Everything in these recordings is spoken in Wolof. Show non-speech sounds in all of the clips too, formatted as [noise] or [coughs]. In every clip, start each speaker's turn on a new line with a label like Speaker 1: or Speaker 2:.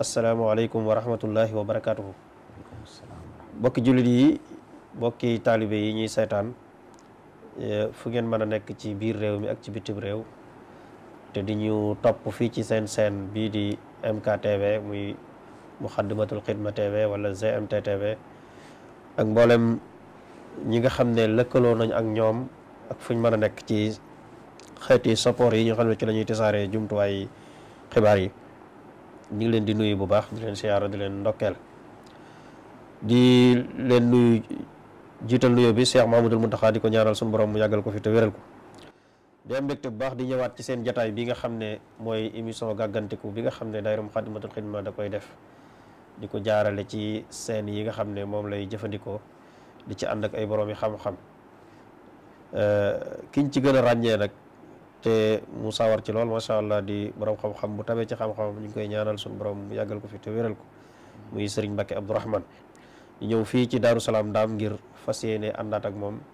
Speaker 1: asalaamaaleykum wa rahmatullahi wa barakaatuhu. mbokki jullit yi mbokki taalibe yi ñuy seetaan e, fu ngeen mën a nekk ci biir réew mi ak ci bitim réew te di ñu topp fii ci seen seen bii di MKTV muy Muxaddamatul Xidma TV wala GMT ak mboolem ñi nga xam ne lëkkaloo nañ ak ñoom ak fuñ mën a nekk ci xeeti support yi ñu xam ne ci lañuy ñuy tasaare jumtuwaay xibaar yi. ñu ngi leen di nuyu bu baax di leen siyaara di leen ndokkeel di leen nuyu jiital nuyoo bi Cheikh mu Muntaxa di ko ñaanal suñu borom mu yàggal ko fi te wéral ko de am mbégte bu baax di ñëwaat ci seen jataay bi nga xam ne mooy émission gàggantiku bi nga xam ne daayira Muxaddamatul Xidma da koy def di ko jaarale ci seen yi nga xam ne moom lay jëfandikoo di ci ànd ak ay boroomi xam-xam euh, kiñ ci gën a ràññee nag te mu sawar ci lool macha allah di borom xam-xam bu tabee ci xam-xam ñu ngi koy ñaanal suñ borom mu yàggal ko fi te wéral ko muy sëriñ Mbacke Abdourahman ñu ñëw fii ci Daaru Salaam daam ngir fas yéene àndaat ak moom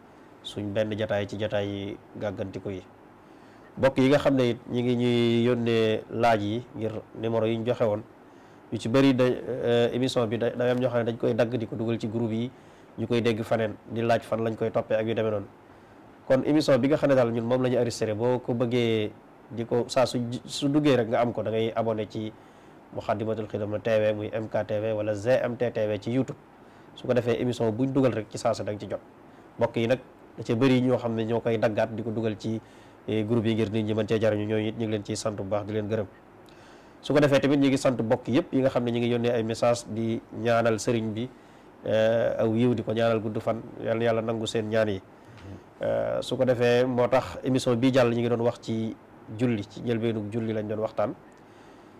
Speaker 1: suñ benn jataay ci jataay yi gàggantiku yi mbokk yi nga xam ne it ñi ngi ñuy yónnee laaj yi ngir numéro yi ñu joxe woon yu ci bëri da eh, émission bi da am ñoo xam ne dañ koy dagg di ko dugal ci groupe yi ñu koy dégg faneen di laaj fan lañ koy toppee ak yu demee noonu kon émission bi nga xam ne daal ñun moom la ñu enregistré boo ko bëggee di ko saa su su duggee rek nga am ko da ngay abonné ci Moukhaddamatoul Khidma TV muy MKTV wala GMT TV ci YouTube su ko defee émission buñ dugal rek ci saa su danga ci jot mbokk yi nag da bëri ñoo xam ne ñoo koy daggaat di ko dugal ci eh, groupe yi ngir nit ñi mën cee jariñu ñooñu it ñu ngi leen ciy sant bu baax di leen gërëm su ko defee tamit ñu ngi sant mbokk yëpp yi nga xam ne ñu ngi yónnee ay message di ñaanal sëriñ bi eh, aw yiw di ko ñaanal gudd fan yàlla yàlla nangu seen ñaan yi Euh, su ko defee moo tax émission bii jàll ñu ngi doon wax ci julli ci njëlbeenu julli lañ doon waxtaan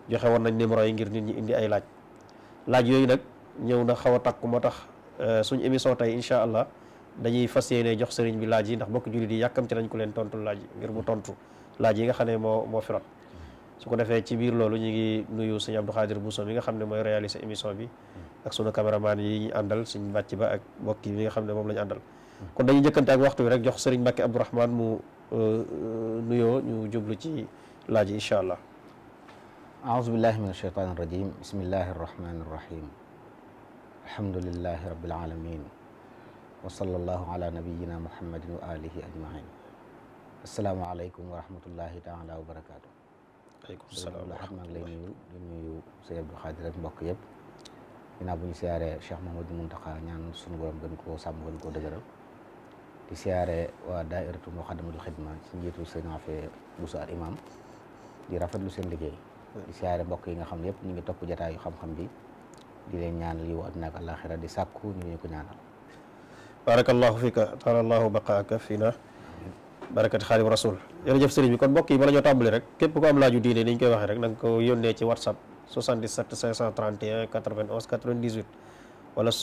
Speaker 1: joxe woon nañ numéro yi ngir nit ñi indi ay laaj laaj yooyu nag ñëw na xaw a takku moo tax euh, suñu émission tey incha allah dañuy fas yéene jox sëriñ bi laaj yi ndax bokk julli di yàkkamte nañ ko leen tontu laaj ngir mu tontu laaj yi nga xam ne moo moo fi su ko defee ci biir loolu ñu ngi nuyu sëñ Abdou Khadir Bousso mi nga xam ne mooy réaliser émission bi ak sunu caméraman yi ñu àndal suñ bàcc ba ak mbokk yi nga xam ne moom la ñu àndal kon dañuy jëkkante ak waxtu bi rek jox Serigne Mbacke Abdourahman mu euh, euh, nuyoo ñu jublu ci laaj yi incha allah.
Speaker 2: أعوذ بالله من الشيطان الرجيم بسم الله الرحمن الرحيم الحمد لله رب العالمين وصلى الله على نبينا محمد وآله أجمعين السلام عليكم ورحمة الله تعالى وبركاته عليكم السلام ورحمة الله di nuyu Sëñ Abdou Khadir ak mbokk yëpp ginnaaw bu ñu siyaaree Cheikh Mouhamadou Mountakha ñaan sunu borom gën koo sàmm gën koo dëgëral di siyaare waa daairatu Muxaddamatul Xidma ci njiitu sëñ Afe Busu al imam di rafetlu seen liggéey di siyaare mbokk yi nga xam ne yëpp ñu ngi topp jataayu xam-xam bi di leen ñaanal yiw àdduna ak àllaaxira di sàkku ñu ngi ko ñaanal
Speaker 1: barakallahu fika taala allahu baqaaka fina barakat xaadim rasul jërëjëf sëriñ bi kon mbokk yi bala tàmbali rek képp ko am laaju diine ni ñu koy waxee rek na ko yónnee ci whatsapp 77 531 91 98 wala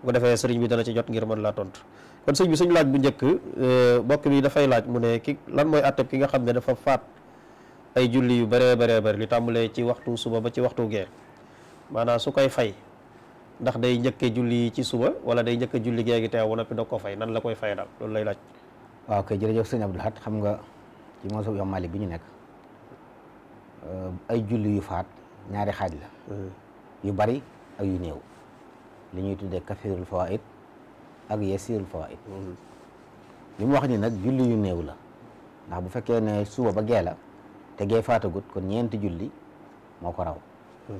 Speaker 1: bu ko defee sëriñ bi dana ci jot ngir mën laa tontu kon sëñ bi suñ laaj bu njëkk euh, mbokk bi dafay laaj mu ne ki lan mooy àtteb ki nga xam ne dafa faat ay julli yu bare bëree bëri li tàmbalee ci waxtu suba ba ci waxtu gee maanaa su koy fay ndax day njëkke julli yi ci suba wala day njëkke julli gee gi teew ba noppi da ko fay nan la koy fay dal loolu lay laaj
Speaker 2: waaw kay jërëjëf sëñ Abdul Ahad xam nga ci mosu yom Mali bi ñu nekk euh, ay julli yu faat ñaari xaaj la hmm. bari ak yu néew li ñuy tuddee kafirul fawaid ak yasirul mhm. wax ni nag julli yu néew la ndax bu fekkee ne suba ba gee la te gee faatagut kon ñeenti julli moo ko raw mhm.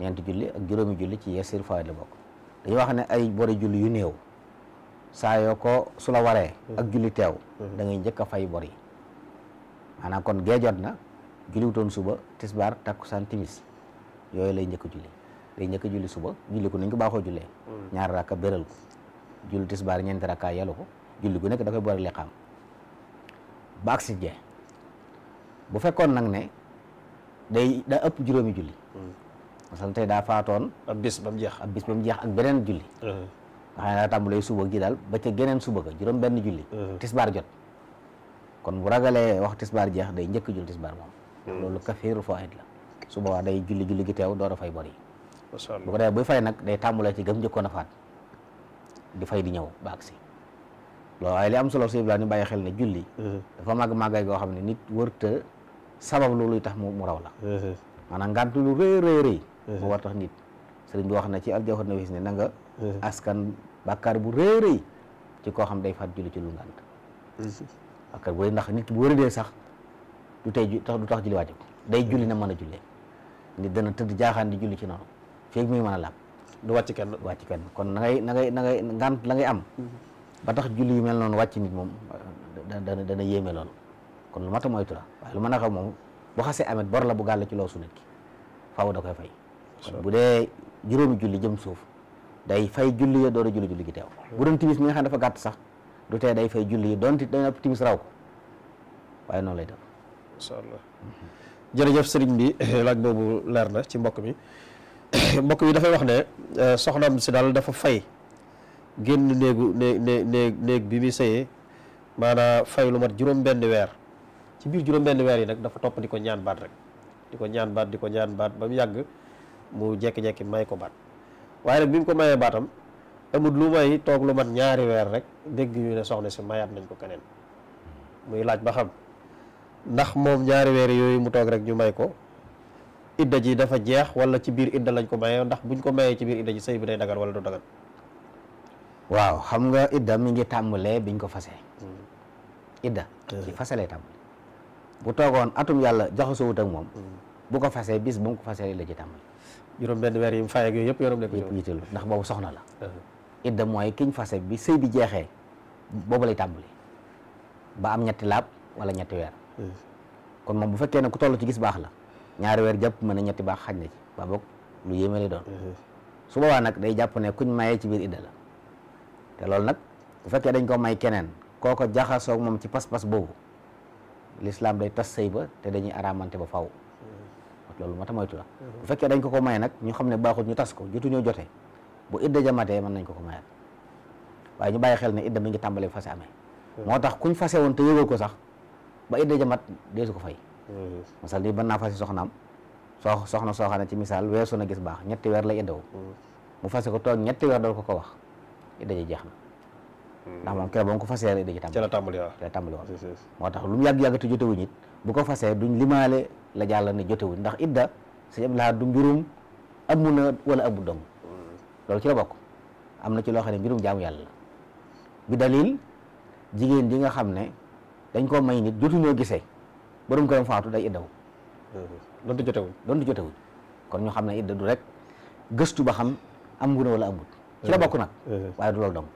Speaker 2: ñeenti julli ak juróomi julli ci yasir fawaid la bokk dañu wax ne ay bori julli yu néew saa yoo ko su la waree ak mhm. julli teew da ngay njëkk a fay bor yi kon gee na julliwutoon suba tisbaar takkusaan timis yooyu lay njëkk julli day ñëkk julli suba julli ko nañ ko baaxoo jullee mm. ñaar rakka béral ko julli tisbaar ñeenti rakka yellu ko julli gu nekk da koy boole liqaam ba agsi bu fekkoon nag ne day da ëpp juróomi julli masalan mm. tey daa faatoon ab bis ba jeex ab bis ba mu ak beneen julli mm-hmm. nga xam ne suba gi daal ba ca geneen suba ga juróom benn julli mm-hmm. tisbaar jot kon bu ragalee wax tisbaar jeex day njëkk julli tisbaar moom mm. loolu kafiiru fawaid la su boobaa day julli julli gi teew door a fay bu ko defee buy fay nag day tàmbalee ci gëm njëkkoon a faat di fay di ñëw ba agsi loolu waaye li am solo si Ibrahima ñu bàyyi xel ne julli uh-huh. dafa màgg màggaay goo xam ne nit wërta sabab looluy tax mu raw la uh-huh. maanaam ngànt lu rëy rëy rëy uh-huh. war tax nit sëriñ bi wax na ci aljawhar nawis ne na nga askan bàkkaar bu rëy rëy ci koo xam day faat julli ci lu ngànt bàkkaar bu rëy ndax nit bu wëradee sax du tey du tax julli waajib day julli na mën a jullee nit dana tëdd jaaxaan di julli ci noonu feeg muy mën a laab
Speaker 1: du wàcc kenn wàcc
Speaker 2: kenn kon na ngay na ngay la ngay am mm-hmm. ba tax julli yu mel noonu wàcc nit moom dana dana yéeme lool kon lu ma a moytu la waaye lu mën a xaw moom bu xasee amit bor la bu gàll ci loosu nit ki faaw da koy fay kon bu dee juróomi julli jëm suuf day fay julli ya door a julli julli gi teew bu doon timis mi nga xam ne dafa gàtt sax du tee day
Speaker 1: fay julli yi doon dana timis raw ko waaye noonu lay def incha allah mm-hmm. sëriñ bi laaj boobu leer na ci mbokk mi [coughs] mbokk yi dafay wax ne euh, soxnaam si daal dafa fay génn néegu néeg néeg bi muy sëyee maanaam fay lu mat juróom-benn weer ci biir juróom-benn weer yi nag dafa topp di ko ñaan baat rek di ko ñaan baat di ko ñaan baat ba mu yàgg mu jekki-jekki may ko baat waaye nag bi mu ko mayee baatam amul lu may toog lu mat ñaari weer rek dégg ñu ne soxna si mayaat nañ ko keneen muy laaj ba xam ndax moom ñaari weer yooyu mu toog rek ñu may ko idda ji dafa jeex wala ci biir idda lañ ko mayee ndax buñ ko mayee ci biir idda ji sëy bi day dagan wala du dagan waaw xam nga idda mi ngi bi ñu ko fasee
Speaker 2: mm. idda mm. ci fasalee tàmbale bu toogoon atum yàlla jaxasoowut ak moom mm. bu ko fasee bis bu ko fasee la juróom benn weer yi mu fay ak yëpp yorom nekk yëpp yitalu ndax boobu soxna la
Speaker 1: uh-huh.
Speaker 2: idda mooy kiñ fase bi sëy bi jeexee boobu lay tàmbali ba am ñetti laab wala ñetti weer kon moom bu fekkee ne ku toll ci gis baax la ñaari weer jàpp mën na ñetti baax xaj na ci ba boog lu yéeme lay doon mhm. su boobaa nag day jàpp ne kuñ mayee ci biir idda la te loolu nag bu fekkee dañ ko may keneen kooko jaxasoog moom ci pas-pas boobu lislaam day tas sëy ba te dañuy araamante ba faw
Speaker 1: mhm.
Speaker 2: loolu moo tax mhm. bu fekkee dañ ko ko may nag ñu xam ne baaxul ñu tas ko jotu ñoo jote bu idda jamatee mën nañ ko ko mayal waaye ñu bàyyi xel ne idda mi ngi tàmbalee bu fase amee moo tax kuñ fase woon te yëgoo ko sax ba idda jamat deesu ko fay misaal nii ba naa fas soxnaam soo soxna soo xam ne ci misaal weesu na gis baax ñetti weer lay iddawu mm-hmm. mu fase ko toog ñetti weer dool ko ko wax idda ji jeex na
Speaker 1: mm-hmm.
Speaker 2: ndax moom keroog ba mu ko fasee rek idda
Speaker 1: ji tàmbali tàmbali waaw ci la tàmbali
Speaker 2: moo tax lu mu yàgg-yàgg te jotewuñ it bu ko fasee duñ limaale la jàll ne jotewuñ ndax idda sëñ laa du mbirum amu na wala amu dong
Speaker 1: mm-hmm.
Speaker 2: loolu ci bokk am na ci loo xam ne mbirum jaamu yàlla la bi dalil jigéen ji nga xam ne dañ koo may nit jotuñoo gisee borom këram faatu day iddaw
Speaker 1: mm-hmm.
Speaker 2: donte jotewuñ donte jotewuñ kon ñu xam ne idda du rek gëstu ba xam am ngu na wala amut ci la mm-hmm. bokk nag mm-hmm. waaye du loolu dong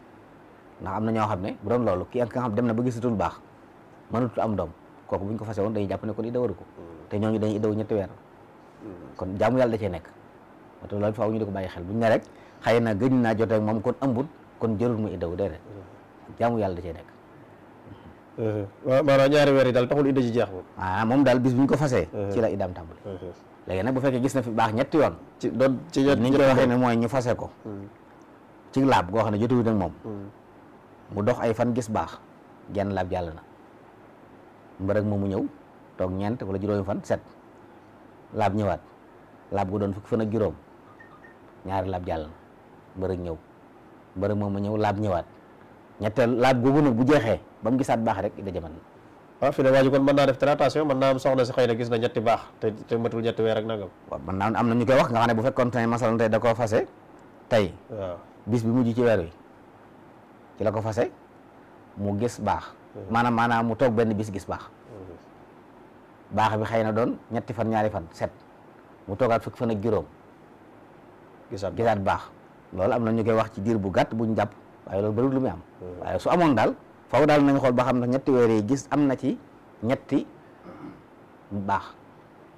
Speaker 2: ndax am na ñoo xam ne bu doon loolu ki nga xam dem na ba gisatul baax mënut am doom kooku buñ ko fase woon dañuy jàpp ne kon idda waru ko te ñooñu dañuy iddaw ñetti weer kon jaamu yàlla da cee nekk te loolu faaw ñu di ko bàyyi xel bu ñu ne rek xëy na gëj naa jotee moom kon ambut kon jërul mu iddaw déedéet jaamu yàlla da cee nekk maanaam ñaari weer yi daal taxul idda ji jeex moom ah moom daal bis bu ñu ko fasee ci la iddaam tàmbali léegi nag bu fekkee gis na fi baax ñetti yoon ci doon ci ni ñu koy waxee ne mooy ñu fase ko mm. ci laab goo xam ne jotuwut ak moom mm. mu dox ay fan gis baax genn laab jàll na mbërëg moom mu ñëw toog ñeent wala juróomi fan set laab ñëwaat laab gu doon fukki fan ak ñaari laab jàll na mbërëg ñëw ñëw laab ñëwaat ñetteel laab googu nag bu jeexee
Speaker 1: ba mu gisaat baax rek da jaman waaw ah, fi ne waa ji kon mën naa def traitation mën naa am soxna si xëy na gis na ñetti baax te te matul ñetti weer ak nangam waaw mën naa am na ñu koy wax nga xam ne bu fekkoon ne masalan tey da koo fase
Speaker 2: tey bis bi mujj ci weer wi ci la ko fase mu gis baax hmm. maanaam maanaam mu toog benn bis gis baax hmm. baax bi xëy na doon ñetti fan ñaari fan set mu toogaat fukki fan ak juróom gisaat gisaat baax loolu am na ñu koy wax ci diir bu gàtt buñ jàpp waaye loolu bëriwul lu muy am hmm. waaye amoon daal faw daal nañu xool ba xam ndax ñetti weer yi gis am na ci ñetti baax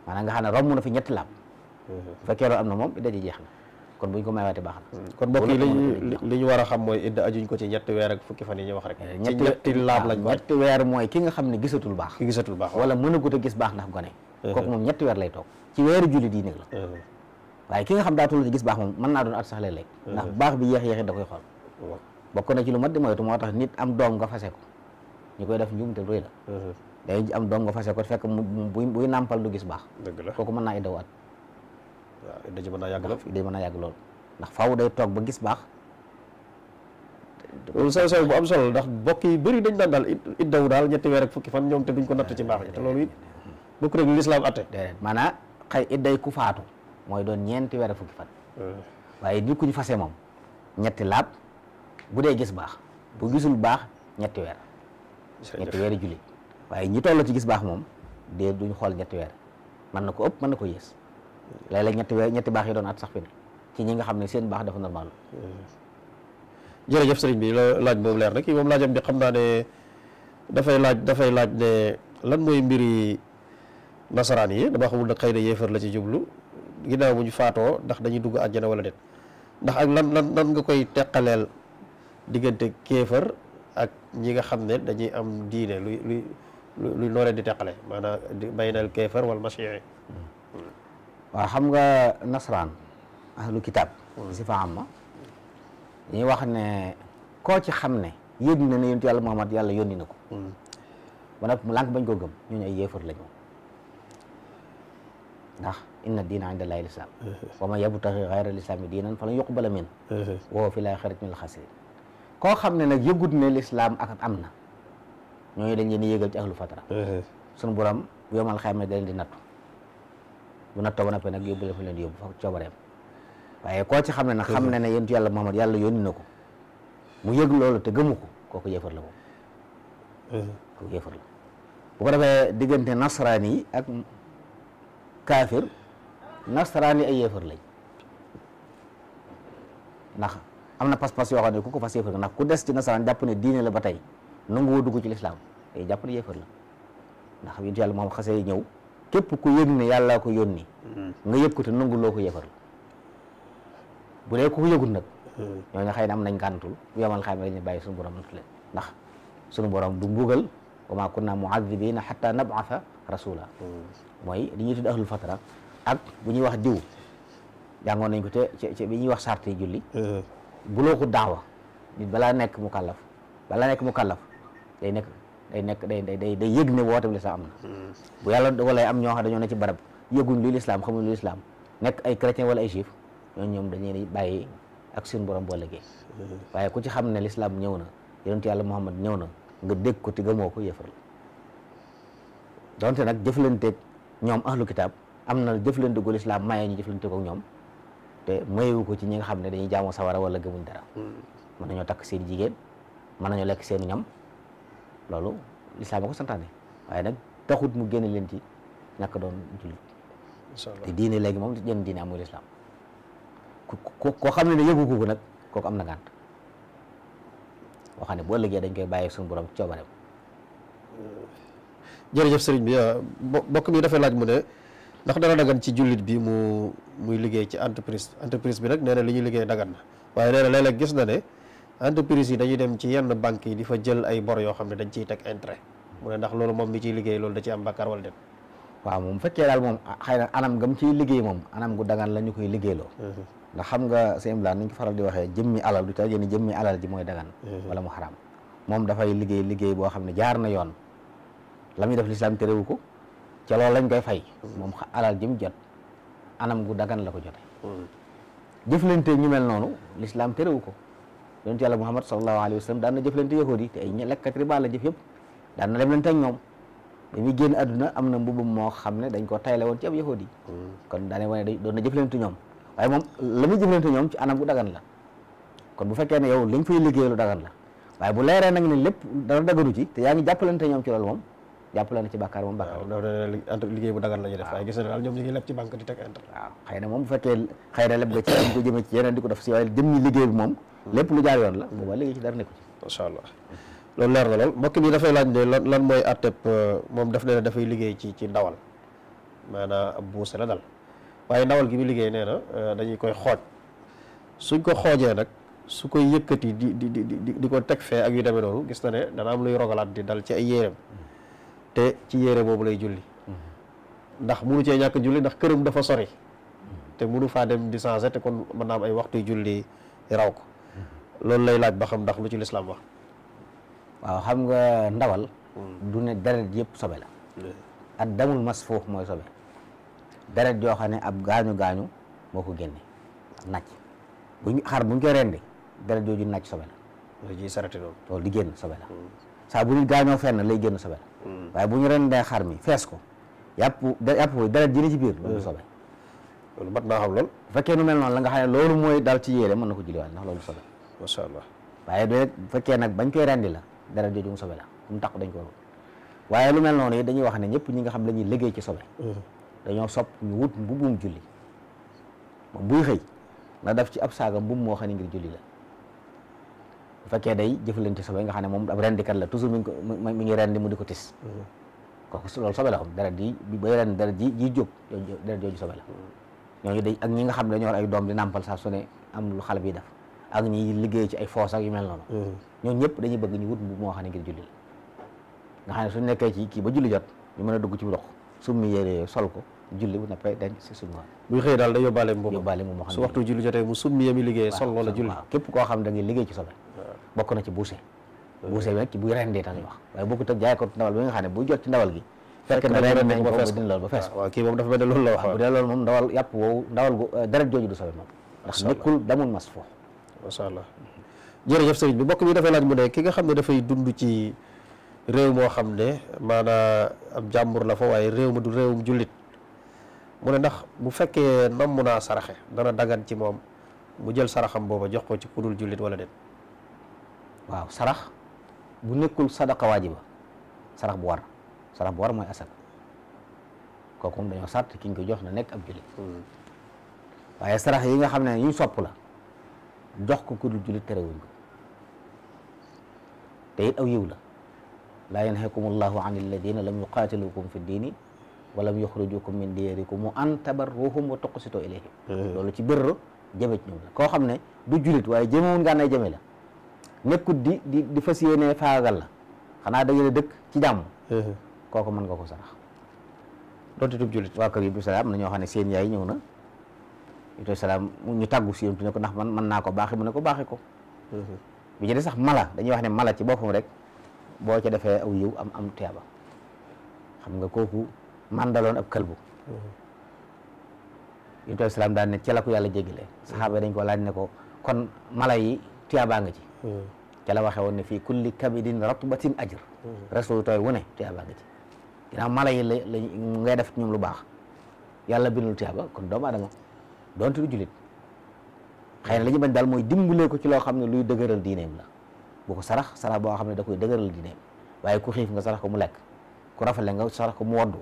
Speaker 2: maanaam nga xam ne romb na fi ñetti laab
Speaker 1: bu
Speaker 2: mhm. am na moom idda ji jeex na kon buñ ko maywaatee baax na
Speaker 1: mm. kon mbokk yi li ñu war a xam mooy idda ajuñ ko ci ak fukki fan yi ñu wax rek eh, ci ñetti ah, lañ ñetti
Speaker 2: weer mooy ki nga xam ne gisatul baax ki gisatul baax wala
Speaker 1: mënagut a gis baax ndax gone mhm. kooku
Speaker 2: moom ñetti weer lay toog ci weeru julli di nag la mhm. waaye ki nga xam daa tul gis baax moom mën naa doon at sax léeg-léeg ndax baax bi yéex yéexi da koy xool bokk na ci lu mat di moytu moo tax nit am doom nga fase ko ñu koy def njuumte rëy la mhm. am doom nga fase ko fekk bu buy nàmpal du gis baax dëgg la kooku mën naa iddaw at waaw idda ji mën naa idda mën naa yàgg lool ndax faaw
Speaker 1: day toog ba gis baax saw saw bu am bokk yi bëri dañ daan daal daal ñetti weer ak fukki fan ñoom te duñ ko natt ci mbaax te loolu it bokk rek lislaam atte
Speaker 2: maanaam xëy idday ku faatu mooy doon ñeenti weer fukki fan mhm. waaye nit ñu fase moom ñetti laab bu dee gis baax bu gisul baax ñetti weer ñetti weer julli waaye ñi toll ci gis baax moom dee duñ xool ñetti weer man na ko ëpp mën na ko yées léeg-léeg ñetti weer ñetti baax yi doon at sax fi ne ci ñi nga xam ne seen baax dafa
Speaker 1: normal hmm. jërëjëf sëriñ bi la laaj boobu leer rek moom laajam bi xam naa ne dafay laaj dafay laaj ne lan mooy mbiri nasaraan yi dama xamul nag xëy na yéefar la ci jublu ginnaaw bu ñu faatoo ndax dañuy dugg àjjana wala déet ndax ak lan lan lan diggante kéefër ak ñi nga xam ne dañuy am diine lu luy luy di teqale maanaam baynal kéefër wal masiixi waaw xam nga nasaraan ahlu kitaab si fa
Speaker 2: am ñuy wax ne koo ci xam ne yëg na ne yonentu yàlla Muhammad yàlla yónni na ko hmm. ba nag mu lànk bañ koo gëm ñooñu ay yéefar lañu ndax inna diina inda llaahi l-islaam hmm. wa man yabtaghi ghayra l-islaami diinan falan yuqbala minhu hmm. wa huwa fil aaxirati minal xaasiriin koo xam ne nag yëgut ne lislaam ak am na ñooñu dañ leen yëgal ci ahlu fatara suñu borom yomal xayma da leen di nattu bu nattoo ba noppi nag yóbbu leen fa leen di yóbbu fa coobareem waaye koo ci xam ne nag xam ne na yentu yàlla Muhammad yàlla yónni na ko mu yëg loolu te gëmu ko kooku yëfar la moom kooku la bu ko defee diggante nasaraan yi ak kaafir nasaraan yi ay yëfar lañ ndax am na pas-pas yoo xam ne ku ko fas yéefar ndax ku des ci nasaraan jàpp ne diine la ba tey nanguwoo dugg ci lislaam day jàpp ne yéefar la ndax yonent yàlla moom xasee ñëw képp ku yëg ne yàlla ko yónni hmm. nga yëg ko te nangu loo ko yéefar la bu dee ku ko yëgul nag hmm. ñooñu xëy na am nañ gàntul bu yamal xam ne dañuy bàyyi suñu borom nut leen ndax suñu borom du mbugal wa maa kunna mu'azzibina hatta nab'atha rasula hmm. mooy li ñuy tudd ahlul ak bu ñuy wax diw jàngoon nañ ko te ci bi wax sarte julli bulooku daawa nit balaa nekk mu kàllaf balaa nekk mu kàllaf day nekk day nekk day day day yëg ne woote bi lislaam am hmm. na bu yàlla wala am ñoo xam dañoo ne ci barab yëguñ luy lislaam xamuñ luy nekk ay chrétien wala ay juif ñoom ñoom dañuy bàyyi ak seen borom boo liggéey hmm. waaye ku ci xam ne lislaam ñëw na yonent yàlla Muhammad ñëw na nga dégg ko te gëmoo ko yëfar la donte nag jëflanteeg ñoom ahlu kitaab am na jëflante gu lislaam maye ñu jëflante ko ñoom te mayewu ko ci ñi nga xam ne dañuy jaamoo sawara wala gëmuñ dara hmm. mën nañoo takk seen jigéen mën nañoo lekk seen ñam loolu lislaam a ko santaane waaye nag taxut mu génne leen ci ñàkk doon jullit te diine léegi moom jenn diine amul lislaam ku koo xam ne ne yëgu ko nag kooku am na ngànt xam ne boo ëllëgee dañ koy bàyyi suñu borom ci coobareem
Speaker 1: hmm. jërëjëf sëriñ bi mbokk ah, mi dafay laaj mu ne ndax dara dagan ci jullit bi mu muy liggéey ci entreprise entreprise bi rek nee na li ñuy liggéey dagan na waaye nee na léeg-léeg gis na ne entreprise yi dañuy dem ci yenn banques yi di fa jël ay bor yoo xam ne dañ ciy teg intérêt mu ne ndax loolu moom mi ciy liggéey loolu da ci am bàkkaar wala dem waaw moom fekkee daal moom
Speaker 2: ah, xëy na anam gam ciy liggéey moom anam gu dagan la ñu koy liggéeyloo mm-hmm. ndax xam nga sëñ laa ni ñu ko faral di waxee jëmmi alal du ca yéen jëmmi alal ji mooy dagan mm-hmm. wala mu xaraam moom dafay liggéey liggéey boo xam ne jaar na yoon la muy def lislaam terewu ko ca loolu lañ koy fay mm-hmm. moom alal jëm jot anam gu dagan la ko jote mm-hmm. jëflante ñu mel noonu tere wu ko yonent yàlla muhammad sallallahu alayhi wa sallam daan na jëflante yahood yi te ay lekkat riba la jëf yëpp daan na demlante ak ñoom ba muy génn àdduna am na mbubum moo xam ne dañ ko tayle woon ci ab yahood yi mm-hmm. kon daane wane day doon na jëflante ñoom waaye moom la muy jëflante ñoom ci anam gu dagan la kon bu fekkee ne yow lañ fay liggéey lu dagan la waaye bu leeree nag ne lépp dara daganu ci te yaa ngi jàppalante ñoom ci loolu moom jàppale na ci bàkkaar moom bàkkaar
Speaker 1: waaw liggéey bu dagan la ñu def waaye gis na daal ñoom ñu ngi leb ci banque di teg intérêt waaw
Speaker 2: xëy na moom bu fekkee xëy na leb ci am ko jëmee si waaye
Speaker 1: jëm ñi liggéey bi hmm. lépp lu jaar yoon la boobaa liggéey ci dara nekku ci leer na lool mbokk mi dafay laaj ne lan lan mooy atteb euh, moom daf nee dafay liggéey ci ci ndawal maanaam ab buuse la dal waaye ndawal gi mu liggéey nee na euh, dañuy koy xooj suñ ko xoojee nag su koy yëkkati di di di di di ko teg fee ak yu demee noonu gis na ne dana am luy rogalaat di dal ci ay yéeram te ci yére boobu lay julli ndax munu cee ñàkk julli ndax këram dafa sori te munu faa dem di changé te kon mën naa am ay waxtu julli raw ko loolu lay laaj ba xam ndax lu ci lislaam wax waaw xam nga
Speaker 2: ndawal hmm. du ne deret yëpp sobe la hmm. ak damul mas foofu mooy sobe deret yoo xam ne ab gaañu-gaañu moo ko génne nacc buñ xar buñ koy rendi deret jooju nacc sobe la loolu di génn sobe la hmm. saa bu nit gaañoo fenn lay génn sobe mm. waaye bu ñu ren dee xar mi fees ko yàpp yàpp ko dara jëlee ci biir loolu mm. sobe loolu bat xam lool bu fekkee mel noonu la nga xam ne loolu mooy dal ci yére mën na ko julliwaat ndax loolu sobe masha Allah waaye doe bu fekkee nag bañ koy rendi la dara jooju mu sobe la mu taq dañ ko waaye lu mel noonu yi dañuy wax ne ñëpp ñi nga xam la ñuy liggéey ci sobe mm. dañoo sopp ñu wut mbubum julli moom buy xëy na def ci ab saagam mbub moo xam ne ngir julli la bu fekkee day jëflante sobe nga xam ne moom ab rendikat la toujours mi ngi ko mi ngi rendi mu di ko tis mm-hmm. kooku loolu la xam dara di ak ñi nga xam ne dañoo ay doom di nàmpal saa su ne am lu xale def ak ñi liggéey ci ay foos ak yu mel noonu mm-hmm. ñooñu ñëpp dañuy bëgg ñu wut mbubb moo ne ngir julli la nga xam ci kii ba julli jot ñu mën a dugg ci ndox summi yére su waxtu julli jotee mu summi sol wala julli képp koo xam da ngay liggéey ci sobe bokk na ci buuse euh. buuse bi nag ci buy rendee tax ñu wax waaye bokkut ak jaay ko ndawal bi nga xam ne bu jot ci ndawal gi fekk na ne loolu la wax bu dee loolu moom ndawal yàpp woowu ndawal gu euh, deret jooju du sobe moom ndax nekkul damul mas foofu
Speaker 1: masha Allah jërëjëf sëriñ bi mbokk bi dafay laaj mu ne ki nga xam ne dafay dund ci réew moo xam ne maanaa am jàmbur la fa waaye réew ma du réewum jullit mu ne ndax bu fekkee namm naa saraxe dana dagan ci moom mu jël saraxam booba jox ko ci kudul jullit wala déet waaw sarax bu nekkul sadaqa
Speaker 2: waajiba sarax bu war sarax bu war mooy asaka kooku moom dañoo sart ki ko jox na nekk ab jullit hmm. waaye sarax yi nga xam ne ñu sopp la jox ko ku dul jullit terewuñ ko te it aw yiw la laa yanhaakum allahu an alladina lam yuqaatilukum fi diini wa lam yuxrijukum min diyarikum an tabarruhum wa tuqsitu ilayhim hmm. loolu ci birr jëme ci ñoom la koo xam ne du jullit waaye jëmewun ngaa nay jëme la nekkut di di di fas yéenee faagal la xanaa dajale dëkk ci jàmm. kooku mën nga ko sarax. donte tub jullit waa kër Ibnu Salaam am na xam ne seen yaay ñëw na Ibnu Salaam ñu tàggu si ne ko ndax man mën naa ko baaxee mu ne ko baaxee ko. bi ci sax mala dañuy wax ne mala ci boppam rek boo ca defee aw yiw am am teeba xam nga kooku mandaloon ab këlbu. Ibnu Salaam daan ne ca yàlla jégalee. saxaaba dañ ko laaj ne ko kon mala yi teebaa nga ci. ca la waxe woon ne fii kulli kabidin ratbatin ajr resul tooy wu ne tuyaaba nga ci ginnaaw mala yi la la ngay def ñoom lu baax yàlla bindul tuyaaba kon doomu aadama doonte du julit xëy na la ñu bañ daal mooy dimbalee ko ci loo xam ne luy dëgëral diineem la bu ko sarax sarax boo xam ne da koy dëgëral diineem waaye ku xiif nga sarax ko mu lekk ku rafale nga sarax ko mu woddu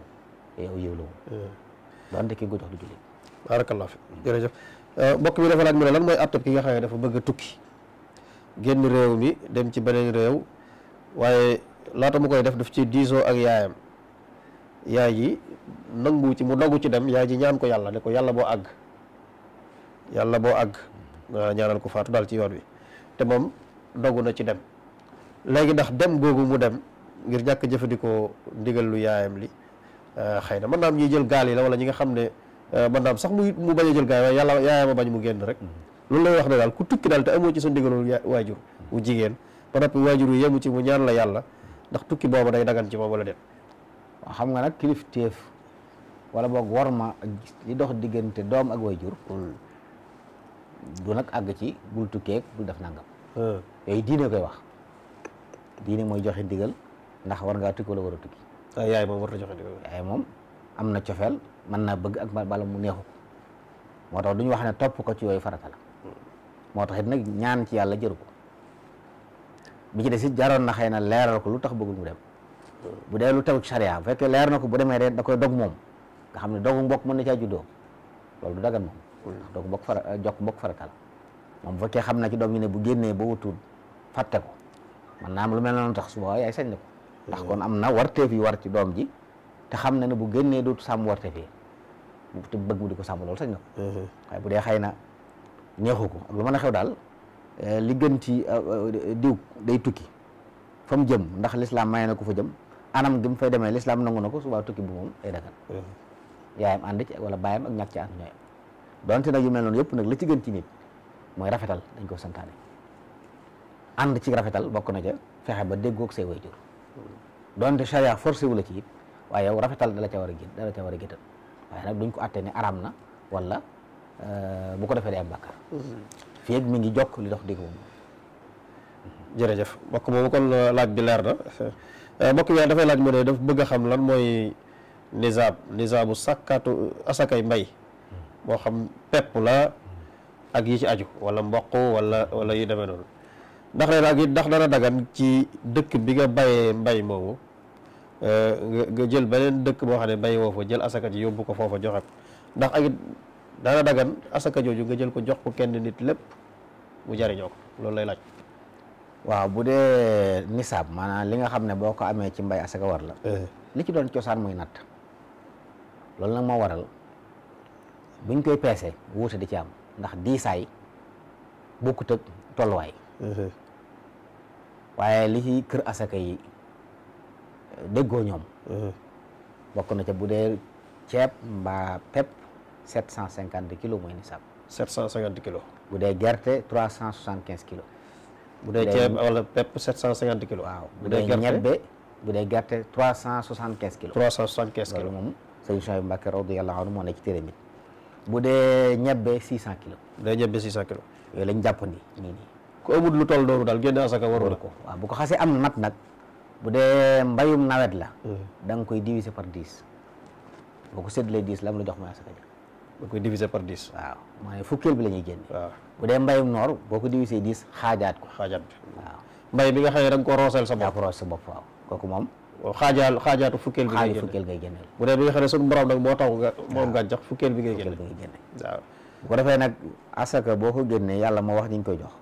Speaker 2: yow yëw la moom doonte
Speaker 1: ki nga ko jox du julit barakallah fi jërëjëf mbokk mi génn réew mi dem ci beneen réew waaye laata mu koy def daf ci diisoo ak yaayam yaay ji nangu ci mu dogu ci dem yaay ji ñaan ko yàlla ne ko yàlla boo àgg yàlla boo àgg nga ñaanal ko faatu daal ci yoon wi te moom dogu na ci dem léegi ndax dem googu mu dem ngir ñàkk jëfandikoo ndigal lu yaayam li euh, xëy na mën am ñuy jël gaal yi la wala ñi nga xam ne euh, mën naa am sax mu mu bañ a jël gaal waaye yàlla yaayam a bañ mu génn rek mm-hmm. loolu lay wax ne daal ku tukki daal te amoo ci sa ndigalul waajur wu jigéen ba noppi waajur wi yemu ci mu ñaan la yàlla ndax tukki boobu day dagal ci moom wala dem nga nag kilifteef wala boog war
Speaker 2: ma li dox diggante doom ak waajur du nag àgg ci bul tukkeeg bul def nangam euh. yooyu diine koy wax diine mooy joxe ndigal ndax war ngaa tukki wala war a tukki
Speaker 1: ah, yaay moom war na joxe
Speaker 2: moom am na cofeel mën naa bëgg ak bala mu neexu ko moo tax du wax ne topp ko ci yooyu farata la moo tax it nag ñaan ci yàlla jëru ko bi ci des si jaroon na xëy na leeral ko lu tax bëggul mu dem bu dee lu tegu ci sariya bu fekkee leer na ko bu demee de da koy dog moom nga xam ne dogu mbokk mën na caa juddoo loolu du dagan moom ndax dogu mbokk far jokk mbokk farata la moom bu fekkee xam na ci doom ñu ne bu génnee ba wutul fàtte ko man naa lu mel noonu tax suba yaay sañ na ko ndax kon am na warteef yi war ci doom ji te xam na ne bu génnee dootu sàmm warteef yi te bëgg ko sàmm loolu sañ na na neexu ko ak lu mën a xew daal eh, li gën ci eh, eh, diw day tukki fa jëm ndax lislaam maye na ko fa jëm anam gi mu fay demee lislaam nangu na ko subaa tukki bu moom day dagan
Speaker 1: mm-hmm.
Speaker 2: yaayam ànd ci wala baayam ak ñàkk ci ànd ñooy donte nag yu mel noonu yëpp nag la ci gën ci nit mooy rafetal dañ ko santaane ànd ci rafetal bokk na ca fexe ba déggoog say wayjur donte charia forcé wu la ci it waaye yow rafetal dala ca war a gén dala ca war a gétal waaye nag duñ ko àtte ne na walla Euh, bu ko defee day am bàkkaar mhm. fii ak mi ngi
Speaker 1: jokk li dox digg moom jërëjëf mbokk moomu kon euh, laaj bi leer na euh, mbokk bi dafay laaj mu ne daf bëgg a xam lan mooy nisaab nisaabu sàkkaatu asakay mbay moo xam pepp la ak yi ci aju wala mboq wala wala yu demee noonu ndax ne naag it ndax dana dagan ci dëkk bi nga bayee mbay moomu nga jël beneen dëkk boo xam ne bay woo jël asaka ji yóbbu ko foofa joxe ndax ak dana dagan asaka jooju nga jël ko jox ko kenn nit lépp bu jariñoo ko loolu lay laaj
Speaker 2: waaw bu dee nisaab maanaam li nga xam ne boo ko amee ci mbay asaka war la eh. li ci doon cosaan muy natt loolu nag moo waral buñ koy peese wuute di ci am ndax diisaay bokkut ak tolluwaay eh. waaye li ci kër asaka yi eh, déggoo ñoom bokk na ca bu dee ceeb mbaa pepp 752 kilos mooy nisaab. 750 kilos. bu dee gerte 375 kilos. bu dee ceeb wala pepp 750 kilos. waaw bu dee ñebbe bu dee gerte 375 kilos. 375 kilos moom sëñ Souhaïbou Mbacké radiyallahu anhu bu dee ñebbe 600 kilos. bu dee ñebbe 600 yooyu lañ jàppandi ni nii. ku amul lu toll noonu daal génne asaka warul ko. bu ko xasee am na nat nag bu dee mbayum nawet la. Hmm. da nga koy diviser par 10. boo ko séddalee 10 la am la jox mooy asaka ja da koy diviser par dix waaw maanaam fukkeel ñuy génne waaw bu dee mbayum noor
Speaker 1: boo ko diviser dix xaajaat ko xaajaat bi nga xam ne da nga ko roosal sa bopp sa bopp waaw kooku moom xaajaal xaajaatu fukkeel bi xaaju fukkeel ngay génne bu dee bi nga ne suñu borom nag moo taw moom gàncax fukkeel bi ngay bi ngay génne waaw bu ko defee nag asaka boo ko génnee yàlla moo wax niñ
Speaker 2: koy jox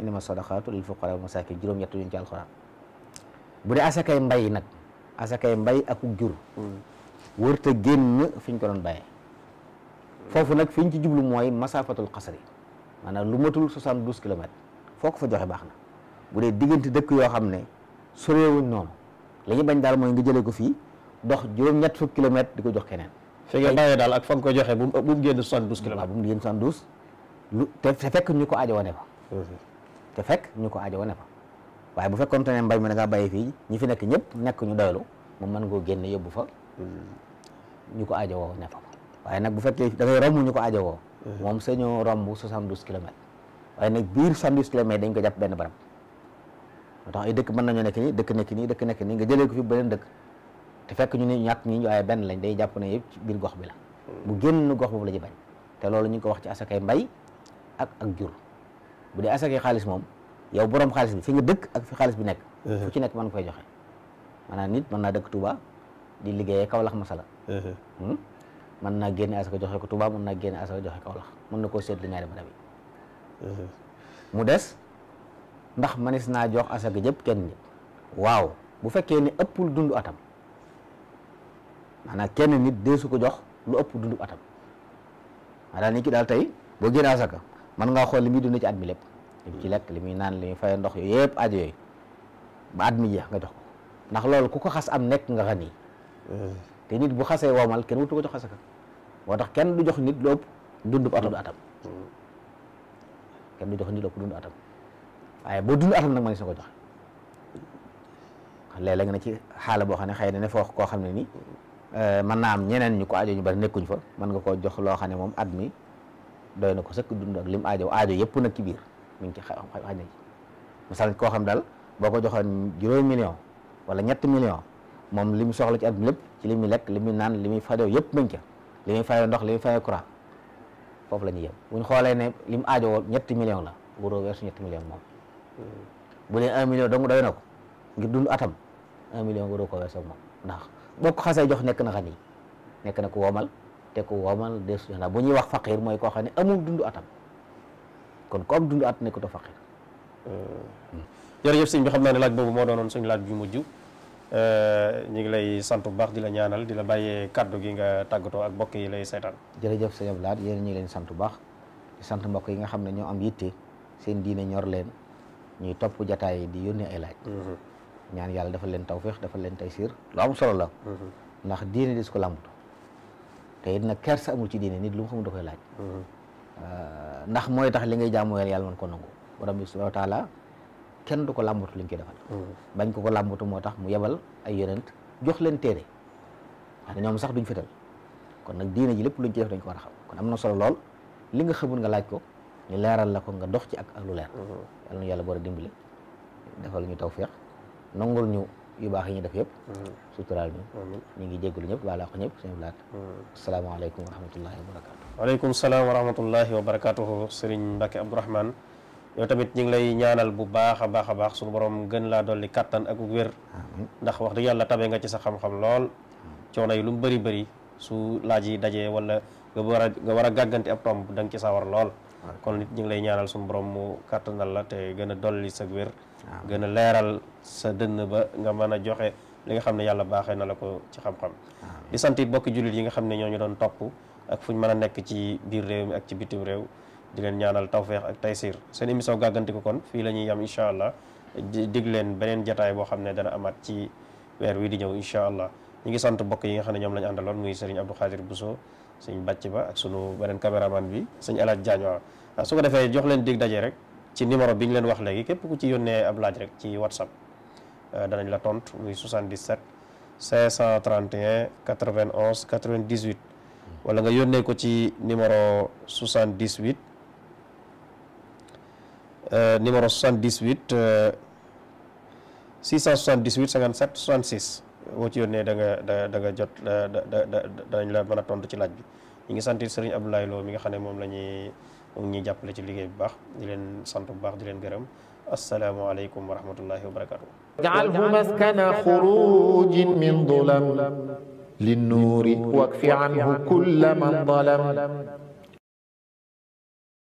Speaker 2: innama sadaqaatu lil fuqara wal masaakin juróom-ñett yuñ ci alxuraan bu dee asakay mbay nag asakay mbay aku jur hmm. wërta génn fi ñu ko doon bayee foofu nag fi ñu ci jublu mooy masaafatul xasari maanaam lu matul 72 kilomètres foo ko fa joxe baax na bu dee diggante dëkk yoo xam ne soreewuñ noonu la ñu bañ daal mooy nga jëlee ko fii dox juróom-ñett fu kilomètres di ko jox keneen. fi nga daal ak fa nga joxe bu bu mu génn 72 kilomètres. waaw bu mu génn 72 fekk ñu ko aajo wane fa. Mhm. te fekk ñu ko aajo wane fa waaye bu fekkoon te ne mbay mi da ngaa bàyyi fii ñi fi nekk ñëpp nekk ñu doylu moom mën ngoo génne yóbbu fa mhm. ñu ko aajo woo ne fa. waaye nag bu fekkee da ngay romb ñu ko aajowoo. Eh. moom sañoo romb 72 kilomètres. waaye nag biir 72 kilomètres dañ ko jàpp benn barab. moo tax ay dëkk mën nañu nekk nii dëkk nekk nii dëkk nekk nii nga jëlee ko fi beneen fekk ñu ne ñàkk ñi waaye benn lañ day jàpp ne yëpp ci biir gox bi la. Hmm. bu génn gox boobu la ci bañ. te loolu ñu ngi ko wax ci asakay mbay ak ak jur. bu dee asakay xaalis moom yow borom xaalis bi fi nga dëkk ak fi xaalis bi nekk. fu eh. ci nekk mën koy joxe. maanaam nit mën naa dëkk Touba di liggéeyee Kaolack masala eh. hmm? mën naa génne asaka joxe ko tubaab mën na génne asaka joxe ko Kaolack mën na koo seetlu ñaari barab yi mm-hmm. mu des ndax manis naa jox asaka jëpp kenn nit waaw bu fekkee ni ëppul dundu atam maanaam kenn nit deesu ko jox lu ëpp dundu atam maanaam nit ki daal tey boo génne asaka mën ngaa xool li muy dund ci at mi lépp li ci lekk li muy naan li muy fay ndox yooyu yëpp aju yooyu mi jeex nga jox ndax loolu ku ko xas am nekk nga xam ni mm-hmm. te nit bu xasee woomal kenn wutu ko jox asaka moo tax kenn du jox nit lu ëpp atam atam kenn du jox dund atam waaye boo dund atam nag man si na ko jox léeg-léeg nga ne ci xaala boo xam ne xëy na ne foo koo xam ne ni euh, mën naa am ñeneen ñu ko aajo ñu bari nekkuñ fa mën nga koo jox loo xam ne moom at mi doy na ko sëkk dund ak lim aajo aajo yëpp nag ci biir mi ngi ci xaj na koo xam daal boo ko joxoon juróomi million wala ñett million moom li mu soxla ci àdduna lépp ci li muy lekk li muy naan li muy fajoo yëpp mañ ca li muy fayoo ndox li muy fayoo courant foofu la ñuy yem bu ñu xoolee ne li mu aajowoo ñetti million la waroo su ñetti million moom bu dee un million dong doy na ko ngir dund atam million waroo ko weesoo moom ndax boo ko xasee jox nekk na xan yi nekk na ku woomal te ku woomal des na bu ñuy wax faqir mooy koo xam ne amul dund atam kon ku am dund at nekkutoo
Speaker 1: faqir hmm. hmm. jërëjëf sëñ bi xam naa ne laaj boobu moo doonoon suñ laaj bi mujj Euh, ñu ngi lay sant bu baax di la ñaanal di la bàyyee kàddu gi nga tàggatoo ak bokk yi lay seetaan.
Speaker 2: jërëjëf sëñ Abdou Lahad yéen ñu ngi leen sant bu baax sant mbokk yi nga xam ne ñoo am yitte seen diine ñor leen ñuy topp jataay di yónnee ay laaj. Mhm. ñaan yàlla dafa leen tawféex dafa leen taysiir lu am solo la. Mhm. ndax diine dis ko làmbatu te it nag kersa amul ci diine nit lu mu xamul da koy laaj. Mhm. Euh, ndax mooy tax li ngay jaamu yàlla mën ko nangu borom bi subhanahu wa kenn du ko làmbatu liñ koy defal mm. bañ ko ko moo tax mu yebal ay yonent jox leen téere wax ñoom sax duñ fetal kon nag diine ji lépp luñ ci def dañ ko war a xam kon am na solo lool li nga xamul nga laaj ko ñu leeral la ko nga dox ci ak ak lu leer mm. yàlla nu yàlla boole dimbali defal ñu tawfeex nangul ñu yu baax yi ñu def yëpp mm. suturaal ñu ñu ngi jéggalu ñëpp baala ko ñëpp suñu laat asalaamaaleykum wa
Speaker 1: rahmatullahi wa barakaatu waaleykum salaam wa rahmatullahi wa barakaatuhu yow tamit ñu ngi lay ñaanal bu baax a baax a baax suñu borom gën laa dolli kàttan ak wér ndax wax dëgg yàlla tabe nga ci sa xam-xam lool coono yi lu mu bëri bëri su laaj yi dajee wala nga war a nga war a gàggante ab tomb da nga ci sawar lool kon nit ñu ngi lay ñaanal suñu borom mu kattanal la te gën a dolli sa wér gën a leeral sa dënn ba nga mën a joxe li nga xam ne yàlla baaxee na la ko ci xam-xam di sant it bokki jullit yi nga xam ne ñoo ñu doon topp ak fu ñu mën a nekk ci biir réew mi ak ci bitim réew di leen ñaanal tawfeex ak taysiir seen émission gàggantiku kon fii la ñuy yam incha allah dig leen beneen jataay boo xam ne dana amaat ci weer wi di ñëw incha allah ñu ngi sant mbokk yi nga xam ne ñoom lañu àndaloon muy sëriñ Abdou Khadir Bousso sëñ bàcc ba ak sunu beneen caméraman bi sëñ alaaj Jaañ waaw ah, su ko defee jox leen dig dajee rek ci numéro bi ñu leen wax léegi képp ku ci yónnee ab laaj rek ci whatsapp ah, danañ la tontu muy 77 531 91 98 wala nga yónnee ko ci numéro 78 Euh, numéro 78 678 57 66 boo ci yónnee da nga da da nga jot da da da dañ la mën a tontu ci laaj bi ñu ngi sant Serigne Abdoulaye Lo mi nga xam ne moom la ñuy moom ñuy jàppale ci liggéey bu baax di leen sant bu baax di leen gërëm asalaamualeykum wa rahmatullahi wa barakatu
Speaker 2: jaalhu maskana
Speaker 1: xurujin min dulam linnuuri wakfi anhu kulla man
Speaker 2: dalam